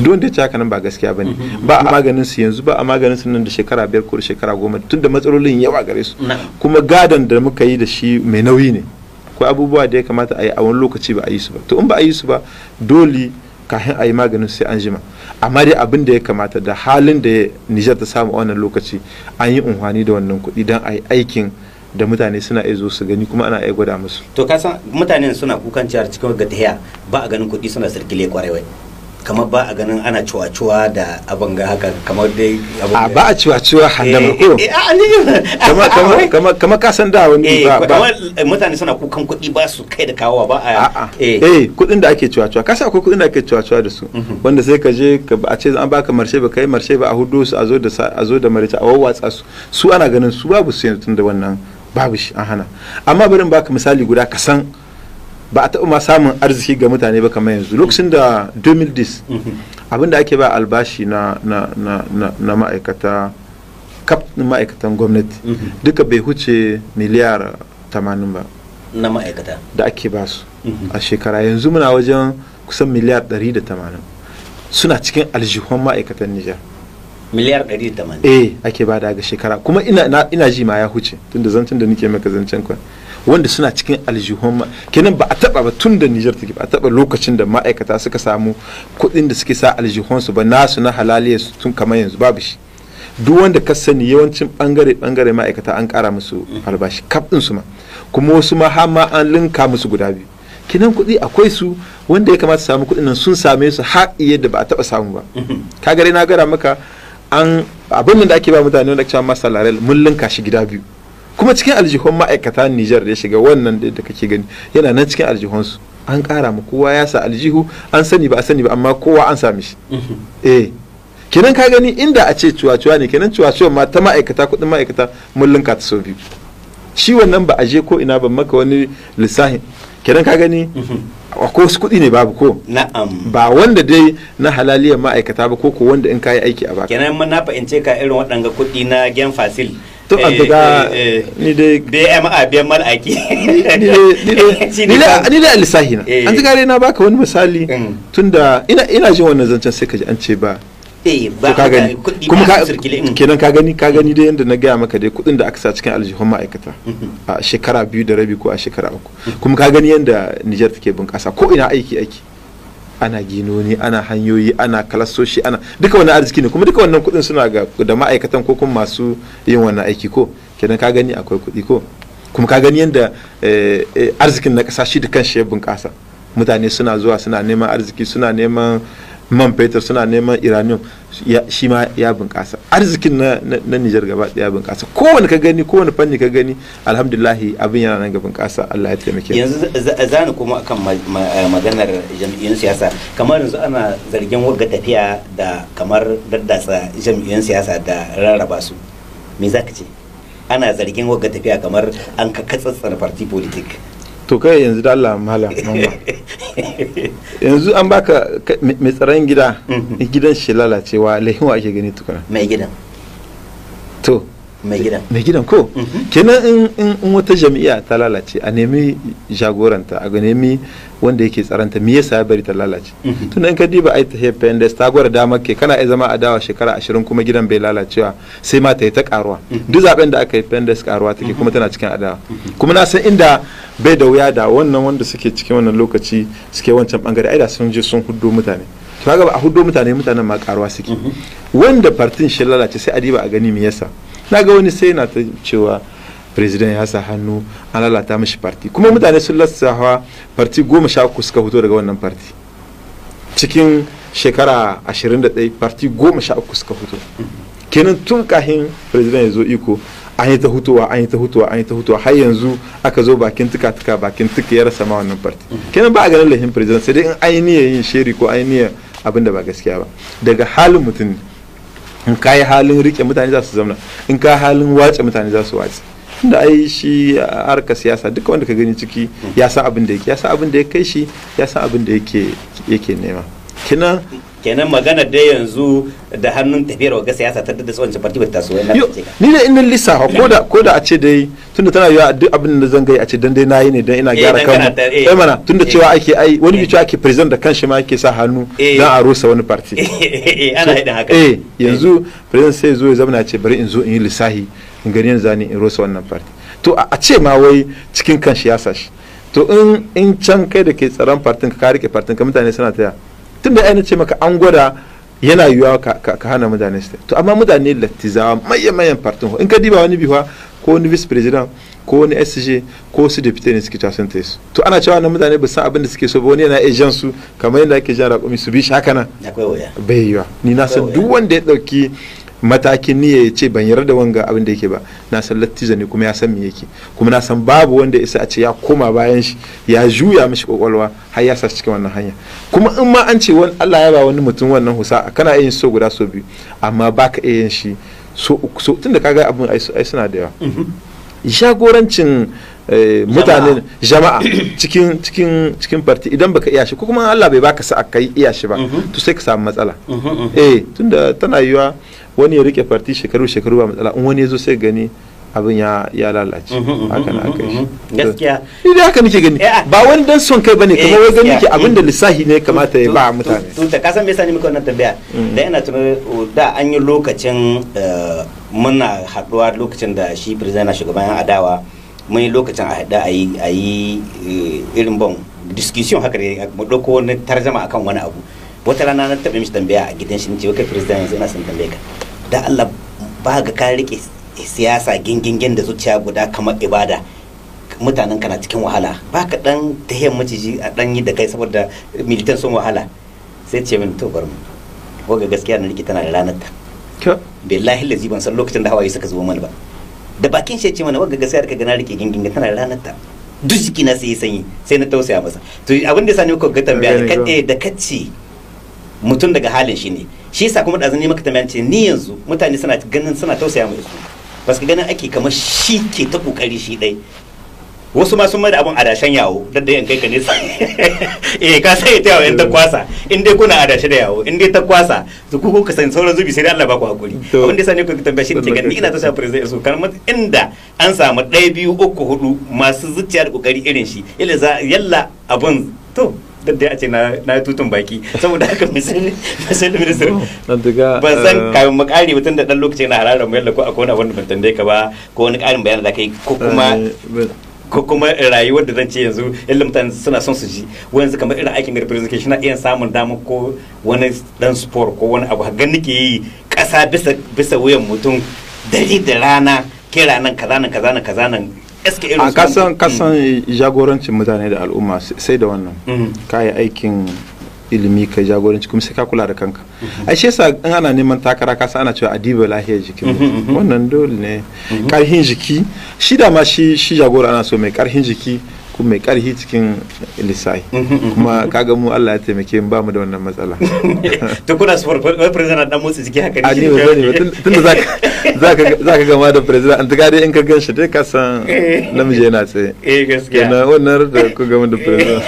duk wanda ya ci nan ba gaskiya ba ne. Mhm. ba a maganin su yanzu ba a maganin su nan da shekara biyar ko da shekara goma tunda matsalolin yawa gare su kuma gadon da muka yi da shi mai nauyi ne ko abubuwa da ya kamata a yi a wani lokaci ba a yi su ba to in ba a yi su ba dole kafin a yi maganin sai an jima amma dai abin da ya kamata da halin da Nijar ta samu a wannan lokaci an yi unhwani da wannan kuɗi dan a yi aikin da mutane suna iya zo su gani kuma ana iya gwada musu to ka san mutanen suna kukan ciyar cikin gadiya ba a ganin kuɗi suna sirkile kwarai kamar ba a ganin ana cuwa-cuwa da abin ga haka kamar dai a ba a cuwa-cuwa handama eh, ko eh, kamar kasan da wani eh, ba ba mutane suna kukan kuɗi ba su kai da kawowa ba a eh kuɗin da ake cuwa-cuwa kasa akwai kuɗin da ake cuwa-cuwa da su mhm. wanda sai ka je a ce an baka marshe ba kai marshe ba a hudu su a zo da a zo da a wawwatsa su su ana ganin su babu su yanzu tun da wannan babu shi an hana amma barin baka misali guda ka san ba a taɓa ma samun arziki ga mutane ba kamar yanzu lokacin da 2010 mhm. abinda ake ba albashi na ma'aikata kaf ma'aikatan gwamnati mhm. duka bai huce miliyar 80 ba na ma'aikata da ake ba su mhm. a shekara yanzu muna wajen kusan miliyar 180 suna cikin aljihun ma'aikatan nijar miliyar 180 eh ake ba da ga shekara kuma ina ji ma ya huce tunda zancen da nake maka zancen kwan wanda suna cikin aljihun kenan ba a taba ba tun da Nijar take ba a taba lokacin da ma'aikata suka samu kuɗin da suke sa aljihunsu ba nasu na halaliya tun kamar yanzu babu shi duk wanda ka sani yawancin bangare bangare ma'aikata an kara musu albashi kaf din su ma kuma wasu ma har ma an linka musu guda biyu kenan kuɗi akwai su wanda ya kamata samu kuɗin nan sun same su har iya da ba a taba samu ba ka gare na gara maka an abin da ake ba mutane wanda ake cewa masa larel mun linka shi gida biyu kuma cikin aljihun ma'aikata Nijar da ya shiga wannan da kake gani yana nan cikin aljihunsu an kara mu kowa ya sa aljihu an sani ba a sani ba amma kowa an sami shi mhm. eh kenan ka gani inda a ce cuwa-cuwa ne kenan cuwa ma ta ma'aikata kudin ma'aikata mullinka ta sau biyu shi wannan ba a je ko ina ba maka wani lissahin kenan ka gani mhm. a ko wasu kuɗi ne babu ko na'am ba wanda dai na halaliyar ma'aikata ba ko ko wanda in kayi aiki a baka kenan na fahimce ka irin waɗanga kuɗi na gen fasil to a daga ni dai bma biyan mal'aki ni dai alisahi na eh. an ji gare na baka wani misali mm. da ina jin wannan zancen sai ka ji an ce ba eh, kuma mm. kenan ka gani ka gani dai yadda na gaya maka dai kudin da aka sa cikin aljihun ma'aikata mm-hmm. a shekara biyu da rabi ko a shekara uku mm. kuma ka gani yadda Nijar take bunƙasa ko ina aiki aiki ana ginoni ana hanyoyi ana kalasoshi ana duka wani arziki ne kuma duka wannan kuɗin suna ga da ma'aikatan ko kuma masu yin wannan aiki ko kenan ka gani akwai kuɗi ko kuma ka gani yadda eh, eh, arzikin na ƙasa shi da shi ya bunƙasa mutane suna zuwa suna neman arziki suna neman man fetur suna neman iranium shi ma ya bunƙasa arzikin na, na, nijar gaba ya bunƙasa kowane ka gani kowane fanni ka gani alhamdulahi abin yana nan ga bunƙasa allah ya taimake yanzu zani kuma akan eh, maganar jam'iyyun siyasa kamar yanzu ana zargin wagga tafiya da kamar daddasa jam'iyyun siyasa da rarraba su me za ka ce ana zargin wagga tafiya kamar an ka katsatsar party politics to kai yanzu da Allah malam yanzu an baka mai tsaron gida mm-hmm. gidan shi lalacewa laihuwa ake gani tukuna mai gidan to mai gidan ko mhm. kenan in wata jami'a ta lalace a nemi jagoranta a nemi wanda yake tsaranta me yasa ya bari ta lalace mhm. tun in ka diba ai ta hefen ta gwada dama ke kana ai zama a dawa shekara ashirin kuma gidan bai lalacewa sai ma ta yi ta karuwa mhm. duk zaben da aka yi pendes karuwa take kuma tana cikin adawa kuma na san inda bai da wuya da wannan wanda suke cikin wannan lokaci suke wancan bangare ai da sun je sun huddo mutane to kaga a huddo mutane mutanen ma karuwa suke wanda partin shi lalace sai a diba a gani me yasa na ga wani sai na ta cewa president ya sa hannu an lalata mashi parti kuma mutane sun lassawa parti goma sha uku suka fito daga wannan parti cikin shekara 21 parti goma sha uku suka fito kenan tun kahin president ya zo iko an yi ta hutuwa an yi ta hutuwa an yi ta hutuwa har yanzu aka zo bakin tuka tuka bakin tuka ya rasa ma wannan parti kenan ba a ganin lahin president sai dai in ainihin yin sheri ko ainihin yi abin da ba gaskiya ba daga halin mutum in ka yi halin rike mutane za su zamna in ka halin wace mutane za su wace tunda ai shi harkar siyasa duka wanda ka gani ciki ya san abin da ya san abin da kai shi ya san abin da yake yake nema kina kenan magana da yanzu da hannun tafiyar wa siyasa ta da tsawon party bata so yana ce ni ne inda lisa ko da ko da a ce dai tunda tana yiwa duk abin da zan gai a ce dan dai nayi ne dan ina eh, gyara kanmu eh mana tunda eh. cewa ake ai wani eh. bi cewa ake president da kanshi ma yake sa hannu dan a rusa wani party eh ana haɗin haka eh yanzu president sai zo ya zama na ce bari in zo in yi lisahi in gani yanzu zani in rusa wannan party to a ce ma wai cikin kanshi ya sashi to in in can kai da ke tsaron partin ka rike partin ka mutane suna taya tun da ai ce maka an gwada yana yiwuwa ka hana mutane su to amma mutane lattizawa mayan mayan partin in ka diba wani biwa ko wani vice president ko wani sg ko su deputy ne suke tasan ta su to ana cewa na mutane ba san abin da suke so ba wani yana jan su kamar yadda ake jan raƙumi su bi shi haka nan bai yiwa ni na san duk wanda ya ɗauki matakin niyya ya ce ban yarda wanga abin da yake ba na san lattiza ne kuma ya san me yake kuma na san babu wanda ya isa a ce ya koma bayan shi ya juya mishi kwakwalwa har ya sa cikin wannan hanya kuma in ma an ce wani Allah ya ba wani mutum wannan husa kana yin so guda so biyu amma baka iya yin shi so uku so tunda kaga abin ai suna da yawa mhm. jagorancin eh, mutanen jama'a cikin cikin cikin farti idan baka iya shi ko kuma Allah bai baka sa'a kai iya shi ba mhm. to sai ka samu matsala mhm, eh tunda tana yiwa wani ya rike farti shekaru shekaru ba matsala in wani ya zo sai gani abin ya lalace mm-hmm, mm-hmm, haka na aka mm-hmm, shi gaskiya ni haka nake gani eh, ah. ba wani dan son kai bane kamar wai gani eh, ke abin da lissahi ne kamata ya mm. ba mutane to ta kasan me yasa ni muka wannan tambaya mm. dan ina tunar oh, da an yi lokacin eh, muna haduwa lokacin da shi president na shugaban yan adawa mun yi lokacin a hada a yi irin bon discussion haka ne mu dauko wani tarjama akan wani abu wata rana na taɓa mishi tambaya a gidan shi ne ce kai president yanzu ina son tambaya ka da Allah ba ga ka rike siyasa gingingin da zuciya guda kamar ibada mutanen kana cikin wahala ba ka dan ta yin maciji a dan yi da kai saboda militan sun wahala sai ce min to bar mu ko ga gaskiya na rike tana da ranar ta billahi lazi ban san lokacin da hawaye suka zo mana ba da bakin shi ce mana wagga gaskiya ka gana rike gingingin tana da ranar ta duk jiki na sai sanyi sai na tausaya masa to abin da sani ko ga tambaya eh, da kace mutum daga halin shi ne shi yasa kuma zan maka tambaya ce ni yanzu mutane suna ganin suna tausaya mu su ba su ganin ake kamar shi ke ta kokari shi dai wasu ma sun mai da abun adashen yawo da da yankai ka nesa eh ka sai ta yawo inda ta kwasa in dai kuna adashe da yawo in dai ta kwasa su ku ku san sauran zubi sai dai Allah ba ku hakuri abin da sani ku tambaya shi ne ni ina ta shafi zai su kan inda an samu ɗaya biyu uku hudu masu zuciya da kokari irin shi illa yalla abun to duk da a ce na tutun baki saboda haka misali minister eh, ba zan kawo makari mutum da dan lokaci na hararar mu yalla ko akwai wani abin bantan dai ka ba ko wani karin bayanin da kai ko kuma eh, ko kuma rayuwar da zan ce yanzu yalla mutane suna son su ji wani kamar irin aikin da presentation na iya samun dama ko wani dan sport ko wani abu ga nake yi kasa bisa bisa wuyan mutum dare da rana kira nan kaza nan kaza nan kaza nan a kasan kasan mm. jagorancin mutane da al'umma sai da wannan mm. kayi aikin ilimi kai jagoranci kuma sai ka kula da kanka mm-hmm. a shi yasa in ana neman takara kasa ana cewa adiba lahiyar jikin mm-hmm, mm-hmm. wannan dole ne karhin jiki shi da ma shi shi jagora ana so mai karhin jiki ku mai karhi cikin lissahi kuma kaga mu Allah ya taimake mu ba mu da wannan matsala to kuna su president dan motsi jiki haka ne a ne tun da zaka zaka zaka gama da president an tuga dai in ka ganshi dai ka san eh. namiji yana tsaye eh gaskiya na wannan da ku gama da president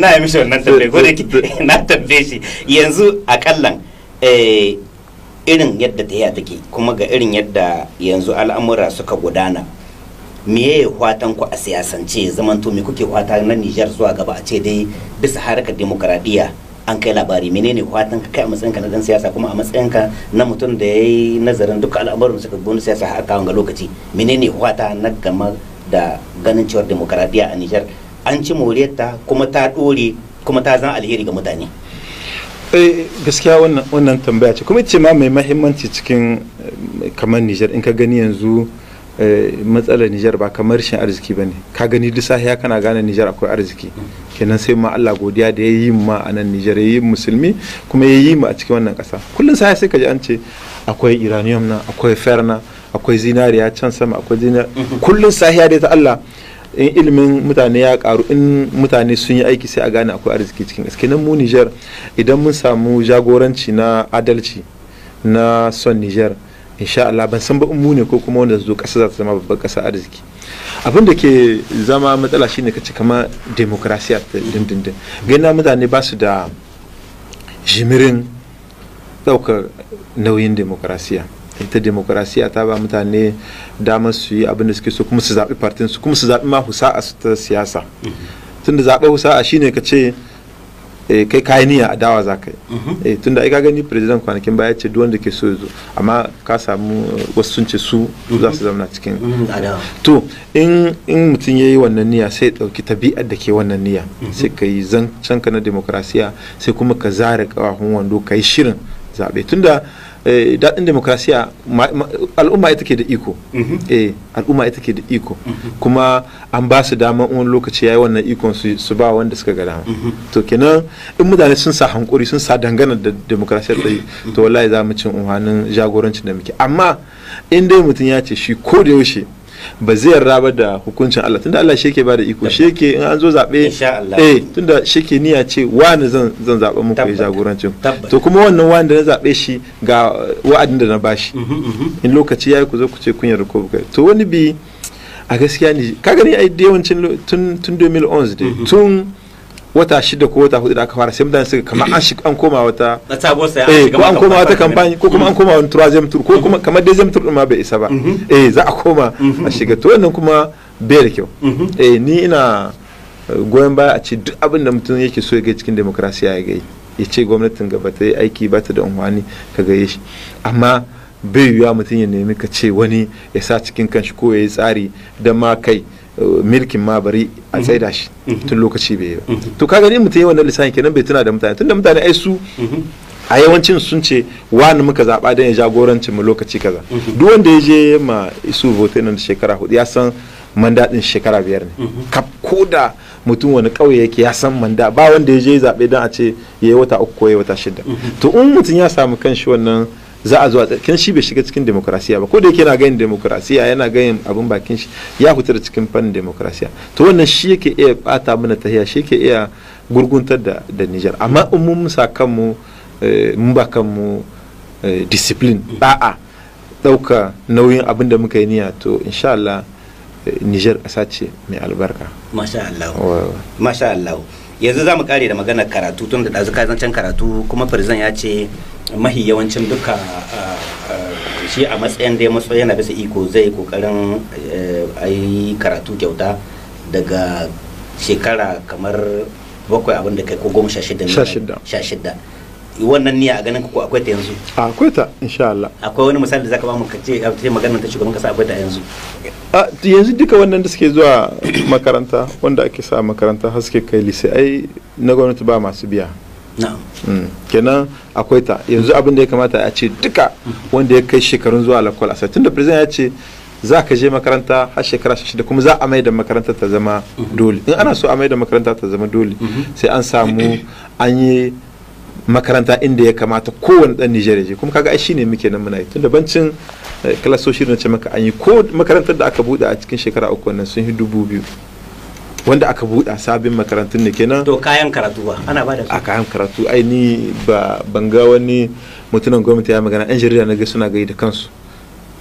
na yi mishi wannan tambaye gode ki na tambaye shi yanzu akallan eh irin yadda ta yi take kuma ga irin yadda yanzu al'amura suka gudana meye fatan ku a siyasance zamanto me kuke fata na Niger zuwa gaba a ce dai bisa harkar demokradiyya an kai labari menene fatan ka kai a matsayinka na dan siyasa kuma a matsayinka na mutum da ya nazarin duka al'amuran suka gona siyasa har kawo ga lokaci menene fata na game da ganin cewa demokradiyya a Niger an ci moriyarta kuma ta dore kuma ta zan alheri ga mutane eh gaskiya wannan wannan tambaya ce kuma ce ma mai mahimmanci cikin eh, kamar Niger in ka gani yanzu matsalar Nijar ba kamar shin arziki ba ne ka gani duk sahiya kana gane Nijar akwai arziki kenan sai ma Allah godiya da ya yi ma a nan Nijar ya yi musulmi kuma ya yi ma a cikin wannan ƙasa kullum sahiya sai ka ji an ce akwai uranium na akwai fer na akwai zinariya can sama akwai zinariya mhm. kullum sahiya ya ta Allah in ilimin mutane ya karu in mutane sun yi aiki sai a gane akwai arziki cikin gaske nan mu Nijar idan mun samu jagoranci na adalci na son Nijar. insha Allah ban san ba mu ne ko kuma wanda zo kasa za ta zama babban kasa arziki abin da ke zama matsala shine kace kamar demokrasiya ta dindindin gina mutane ba su da jimirin daukar nauyin demokrasiya ita demokrasiya ta ba mutane dama su yi abin da suke so kuma su zaɓi partin su kuma su zaɓi ma husa'a su ta siyasa mhm. tunda zaɓe husa'a shine ka ce Eh, kai kayi niyya a dawa za ka mhm. eh, tunda ai ka gani president kwanakin baya ce duwanda ke so zo amma ka samu wasu sun ce su mhm. za su zama cikin mhm, to in mutum ya yi wannan niyya sai ɗauki tabi'ar da ke wannan niyya sai ka yi zancanka na demokrasiya sai kuma ka zare kawahun wando ka yi shirin zabe tunda Eh, daɗin demokrasiya al'umma ita ke da iko mhm. eh, al'umma ita ke da iko mhm. kuma an ba su dama wani lokaci yi wannan ikon su ba wanda suka ga dama mhm. to kenan in mutane sun sa hankuri sun sa dangana da demokrasiyar yi to wallahi za mu cin umarnin jagorancin da muke amma in dai mutum ya ce shi ko da yaushe ba zai raba da hukuncin Allah tunda Allah shi yake ba da iko shi yake in an zo zabe eh tunda shi ke niyya ce wani zan zan zaba muku ya jagorancin to kuma wannan wani da na zaɓe shi ga wa'adin da na bashi mhm, mhm. in lokaci yayi ku zo ku ce kun yarda ko to wani bi a gaskiya ne ka gani ai yawancin tun tun 2011 dai mhm. tun wata shida ko wata hudu da aka fara sai mutane suka kamar an shi an koma wata eh ko an koma wata kamfani ko kuma an koma wani turazem tour ko kuma mhm. kamar dezem tour ma bai isa ba mhm. eh za a koma a mhm. shiga to wannan kuma bai da kyau eh ni ina eh, goyon baya a ce duk abin da mutum yake so ya ga cikin demokrasiya ya ga ya ce gwamnatin gaba ta yi aiki ba ta da unwani ka gaye shi amma bai yiwuwa mutum ya nemi ka ce wani ya sa cikin kanshi ko ya yi tsari da ma kai Eh, milkin ma bari a mhm. tsaida shi mhm. tun lokaci bai yi ba mhm. to kaga ni mutum yi wannan lissafin kenan bai tuna da mutane tunda mutane ai su a yawancin sun ce wani muka zaɓa don ya jagoranci mu lokaci kaza duk wanda ya je ma isu vote nan shekara hudu ya san shekara biyar ne kap ko da mutum wani ƙauye yake ya san manda ba wanda ya je zaɓe don a ce ya yi wata uku ko ya wata shida to in mutum ya samu kanshi wannan za a a tsakiyar shi bai shiga cikin demokrasiya ba ko da yake yana ganin demokrasiya yana ganin abin bakin shi ya fita da cikin fannin demokrasiya to wannan shi yake iya bata mana tahiya shi yake iya gurguntar da da Niger amma in mun sa kanmu eh, mun ba kanmu eh, discipline da'a dauka nauyin abin da muka yi niyya to insha Allah eh, Niger ƙasa ce mai albarka masha Allah masha Allah yanzu za mu kare da maganar karatu tun da ɗazu zancen karatu kuma firzan ya ce mahi yawancin duka shi a matsayin da ya matso yana bisa iko zai kokarin eh, a yi karatu kyauta daga shekara kamar bakwai abin da kai ko goma sha shida wannan niyya a ganin ku akwai ta yanzu akwai ta insha Allah akwai wani misali da zaka ba mu ka ce ta maganar ta shugaban kasa akwai ta yanzu a yanzu duka wannan da suke zuwa makaranta wanda ake sa makaranta har suke kai lise ai na gwamnati ba masu biya mm. kenan akwai ta yanzu abin da ya kamata a ce duka wanda ya kai shekarun zuwa lakwal a tunda president ya ce za ka je makaranta har shekara da kuma za a mai da makaranta ta zama mm-hmm. dole in ana so a mai da makaranta ta zama dole mm-hmm. sai an samu an yi makaranta inda ya kamata kowane dan Nijeriya ya je kuma kaga ai shine muke nan muna yi tunda bancin eh, klasoshi da ce maka an yi ko makarantar da aka buɗe a cikin shekara uku wannan sun yi dubu biyu wanda aka buɗa sabin makarantun ne kenan to kayan karatu ba ana ba da a kayan karatu ai ni ba ban ga wani mutumin gwamnati ya magana yan jarida na ga suna gai da kansu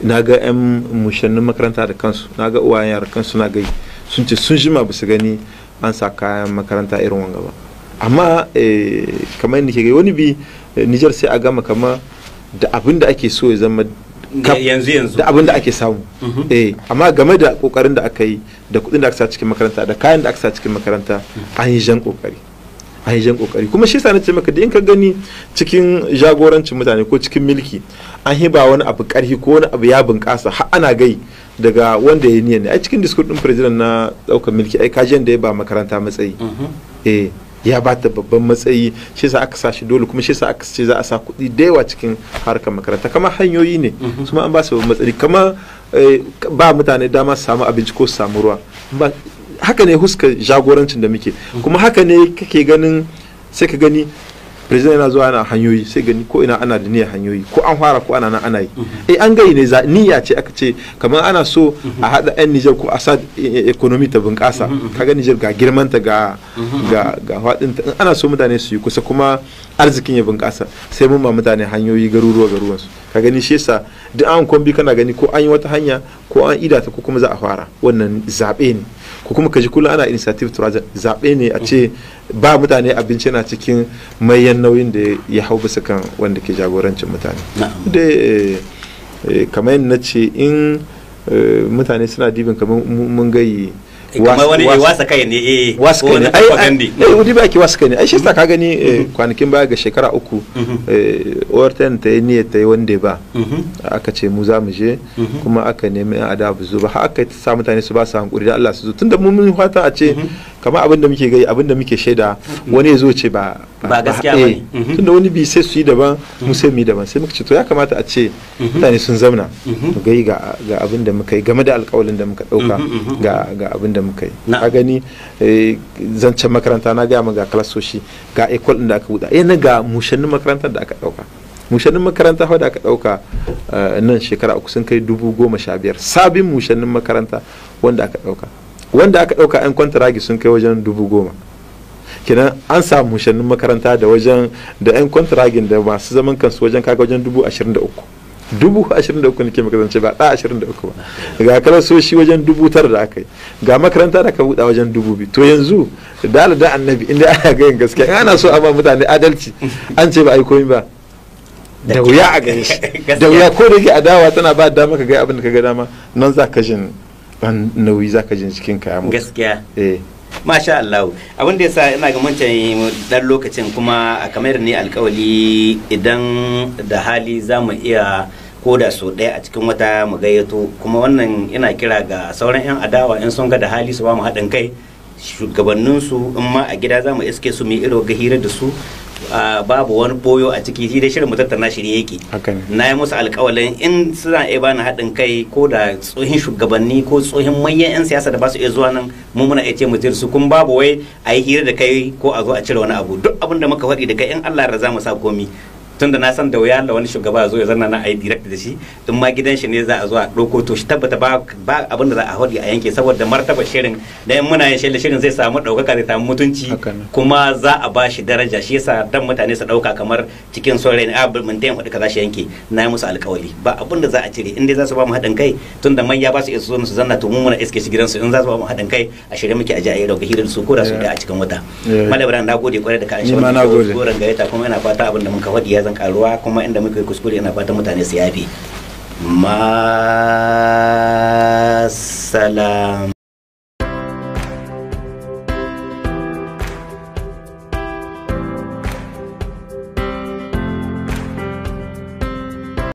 na ga yan mushannin makaranta da kansu na ga uwayen yara kansu na gai sun ce sun jima ba su gani an sa kayan makaranta irin wanga ba amma eh, kamar yadda ke wani bi eh, nijar sai a gama kama da abin da ake so ya zama yanzu yanzu da abin da ake samu mhm. eh amma game da kokarin da aka yi da kudin da aka sa cikin makaranta da kayan da aka sa cikin makaranta an yi jan kokari an yi jan kokari kuma shi sa na ce maka da in ka gani cikin jagorancin mutane ko cikin milki an hiba wani abu karhi ko wani abu ya bunkasa har ana gai daga wanda ya niyan ne a cikin diskur din president na daukar milki ai kajiyan da ya ba makaranta matsayi mhm. eh ya ba ta babban matsayi shi sa aka sashi dole kuma shi sa aka ce za a sa kuɗi da yawa cikin harkar makaranta kama hanyoyi ne mhm. su an ba su babban matsayi kama eh, ba mutane dama su samu abinci ko su samu ruwa haka ne huska jagorancin da muke mhm. kuma haka ne kake ganin sai ka gani president yana zuwa yana hanyoyi sai gani ko ina ana da niyyar hanyoyi ko an fara ko ana nan ana yi eh an gayi ne niyya ce aka ce kamar ana so a hada yan Niger ko Assad eh, economy ta bunƙasa kaga Niger ga girman ta ga ga ga fadin ta ana so mutane su yi kusa kuma arzikin ya bunƙasa sai mun ma mutane hanyoyi garuruwa garuruwan su ka gani shi yasa duk an kombi kana gani ko an yi wata hanya ko an ida ta ko kuma za a fara wannan zabe ne ko kuma kaji kullum ana initiative to zabe ne a ce ba mutane abinci na cikin mayan nauyin da ya hau bisa kan wanda ke jagorancin mutane da eh, eh, kamar yadda na ce in eh, mutane suna dibin kamar mun gayi kamar wani wasa kai ne eh wasa kai ne ai ai wudi ba ki shi sa mm-hmm. ka gani mm-hmm. kwanakin baya ga shekara uku mm-hmm. orten ta yi niyyar ta yi wanda ba aka ce mu za mu je kuma aka nemi yan adabu zuba har aka sa mutane su ba su hankuri da Allah su zo tunda mun mun fata a ce kamar abin da muke gai abin da muke shaida wani ya zo ce ba ba gaskiya ba eh, ne mhm. tunda wani bi sai su yi daban mu sai mu yi daban sai muka ce to ya kamata a ce mhm. mutane sun zamna mhm. mu gai ga ga abin da muka yi game da alƙawalin da muka dauka ga ga abin da muka yi ka gani eh, zancen makaranta na ga mu ga klasoshi ga ekol din da aka buɗa eh na ga mushannin makaranta da aka dauka mushannin makaranta da aka dauka eh, nan shekara uku sun kai dubu goma sha biyar sabin mushannin makaranta wanda aka dauka wanda aka ɗauka 'yan kwantaragi sun kai wajen dubu goma kenan an samu shanun makaranta da wajen da 'yan kwantaragin da masu zaman kansu wajen kaga wajen dubu ashirin da uku dubu ashirin da uku ke makarance ba ɗa ashirin da uku ba ga shi wajen dubu tara da aka yi ga makaranta da ka buɗa wajen dubu biyu to yanzu da da annabi inda ana yin gaskiya in ana so a ba mutane adalci an ce ba a yi komi ba da wuya a gani da wuya ko da ke adawa tana ba dama ka ga abin da ka ga dama nan za ka jin ban nauyi zaka jin cikin kaya mutu gaskiya eh. masha Allah abin da yasa ina ga mutane dan lokacin kuma a kamar ne alkawali idan da hali za mu iya ko da so ɗaya a cikin wata mu gayyato kuma wannan ina kira ga sauran 'yan adawa in sun ga da hali su ba mu haɗin kai shugabanninsu in ma a gida za mu iske su mu iro ga hira da su babu wani boyo a ciki shi dai shirin mu tattauna shi ne yake na yi musu alƙawalin in suna iya bani haɗin kai ko da tsohin shugabanni ko tsohin manyan 'yan siyasa da ba su iya zuwa nan mu muna iya ce mu su kun babu wai a yi hira da kai ko a zo a cire wani abu duk abin da muka faɗi da kai in Allah ya za mu sa komi tunda na san da wuya da wani shugaba zo ya zanna na ai direct da shi in ma gidan shi ne za a zo a ɗauko to shi tabbata ba ba abin da za a hodi a yanke saboda martaba shirin da in muna yin shirin zai samu ɗaukaka zai samu mutunci kuma za a ba shi daraja shi yasa dan mutane su ɗauka kamar cikin sore ne a mun da ka kaza shi yanke na yi musu alƙawari ba abin da za a cire in dai za su ba mu haɗin kai tunda manya ba su iya su su zanna to mun muna iske shi gidansu in za su ba mu haɗin kai a shirye muke a ji a yi rauka hirar su ko da su da a cikin wata. Eh. Malabar na gode kwarai da ka an shi wannan goron gayyata kuma ina fata abin da mun ka faɗi ya ƙoƙarin karuwa kuma inda muka yi kuskure ina fatan mutane su yafe ma salam